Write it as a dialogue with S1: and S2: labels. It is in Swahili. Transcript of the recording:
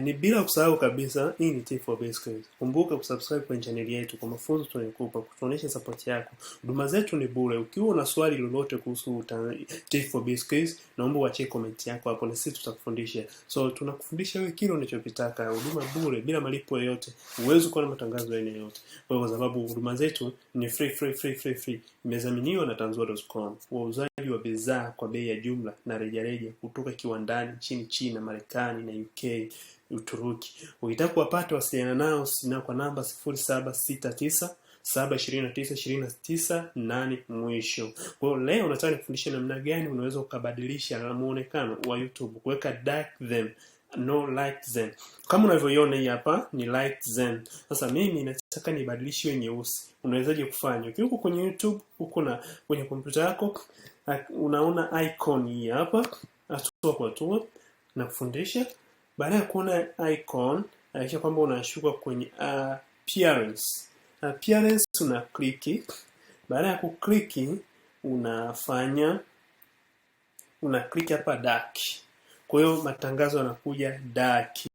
S1: Ni bila kusahau kabisa hii ni T4 Biscuits. Kumbuka kusubscribe kwenye chaneli yetu kwa mafunzo tunayokupa, kutuonyesha support yako. Huduma zetu ni bure. Ukiwa na swali lolote kuhusu T4 Biscuits, naomba uache comment yako hapo na sisi tutakufundisha. So tunakufundisha wewe kile unachokitaka, huduma bure bila malipo yoyote. Uwezo kuwa na matangazo ya yote. Kwa hiyo kwa sababu huduma zetu ni free free free free free, imezaminiwa na tanzua.com. Wauzaji wa bidhaa kwa bei ya jumla na rejareja kutoka kiwandani nchini China, Marekani na UK. Uturuki. Ukitaka kuwapata wasiliana nao na kwa namba 0769 72929 mwisho. Kwa leo nataka nikufundishe namna gani unaweza ukabadilisha muonekano wa YouTube kuweka dark them no light them Kama unavyoiona hii hapa ni light them Sasa mimi nataka nibadilishe nyeusi. Unawezaje kufanya? Ukiwa kwenye YouTube huko na kwenye kompyuta yako unaona icon hii hapa, hatua kwa hatua na kufundisha baada ya kuona icon, hakikisha kwamba unashuka kwenye uh, appearance. Appearance una kliki. Baada ya kukliki, unafanya una click hapa dark. Kwa hiyo matangazo yanakuja dark.